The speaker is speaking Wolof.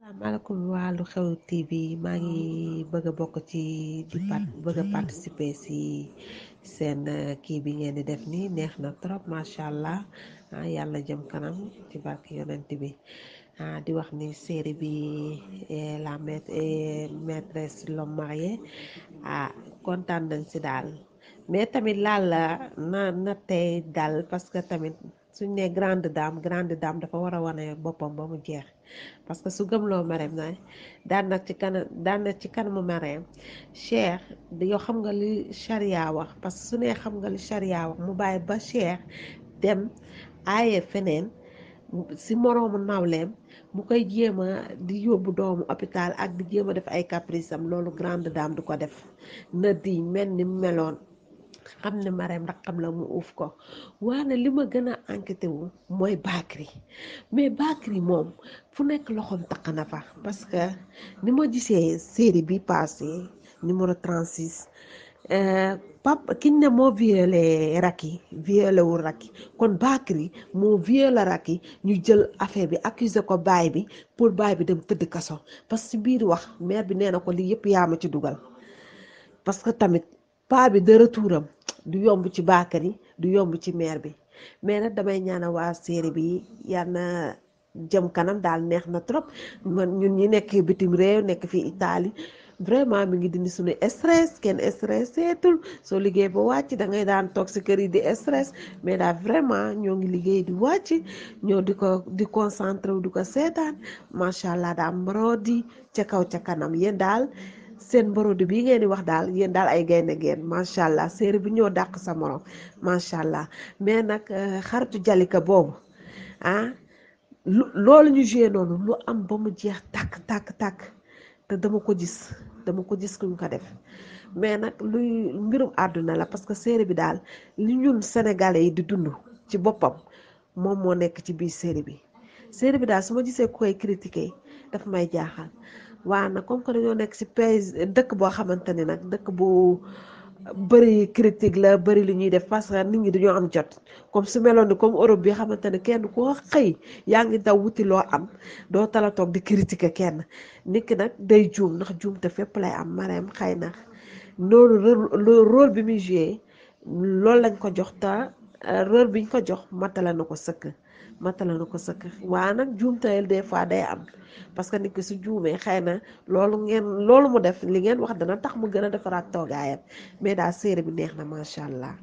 salaamaaleykum waa Lu Xew TV maa ngi bëgg bokk ci di bëgg a participer si seen uh, kii bi ngeen di def nii neex na trop macha allah ah, yàlla jëm kanam ci barke yonent bi ah, di wax ni série bi la maîtresse l'homme marié ah kontaan nañ si daal mais tamit laal na na daal parce que tamit suñ ne grande dame grande dame dafa war a wane boppam ba mu jeex parce que su gëm mareem na daan na ci daan na ci kanamu mareem cheikh yoo xam nga lu charia wax parce que su ne xam nga li charia wax mu bàyyi ba cheikh dem aaye feneen si moroomu nawleem mu koy jéem a di yóbbu doomu hôpital ak di jéem a def ay caprice loolu grande dame du ko def na di mel ni meloon xam ne Marème rakkam la mu uuf ko waane li ma gën a enquêté wu mooy Bakri mais Bakri moom fu nekk loxoom taq na fa parce que ni ma gisee série bi passé numéro 36 euh, pap kiñ ne moo violé Racky violé wul Racky kon Bakri moo violé Racky ñu jël affaire bi accusé ko baay bi pour baay bi dem tëdd kaso parce que biir wax maire bi nee na ko lii yëpp yaa ma ci dugal parce que tamit paa bi de retouram du yombu ci Bakary du yombu ci maire bi mais nag damay ñaana waa série bi yal na jëm kanam daal neex na trop man ñun ñi nekk bitim réew nekk fii Italie vraiment mi ngi dindi suñu stress kenn stress seetul soo liggéey ba wàcc da ngay daan toog kër yi di stress mais daa vraiment ñoo ngi liggéey di wàcc ñoo di ko di concentré wu di ko seetaan macha allah daal mboroo di ca kaw ca kanam yéen daal. seen borodi bi ngeen di wax daal yéen daal ay gaynde ngeen macha allah séeréer bi ñoo dàq sa morom macha allah mais nag euh, xaritu jalika boobu ah lu loolu ñu joué noonu lu am ba mu jeex tàkk tàkk tàkk te dama ko gis dama ko gis kuñ ko def mais nag luy mbirum àdduna la parce que série bi daal li ñun sénégalais yi di dund ci boppam moom moo nekk ci biir série bi série bi daal su ma gisee ku koy critiquer daf may jaaxal waa nag comme que dañoo nekk si pays dëkk boo xamante ni nag dëkk bu bëri critique la bari li ñuy def parce que nit ñi dañoo am jot comme su meloon ni comme Europe bi xamante ne kenn koo xëy yaa ngi daw wuti loo am doo tala toog di critiquer kenn nit nag day juum ndax juum te fépp lay am mareem xëy na loolu rôle bi muy joué loolu lañ ko jox ta rër biñ ko jox matala na ko sëkk matala na ko sëkk waa nag juumtayel des fois day am parce que nit ki su juumee xëy na loolu ngeen loolu mu def li ngeen wax dana tax mu gën a defaraat toogaayam mais daal série bi neex na macha allah.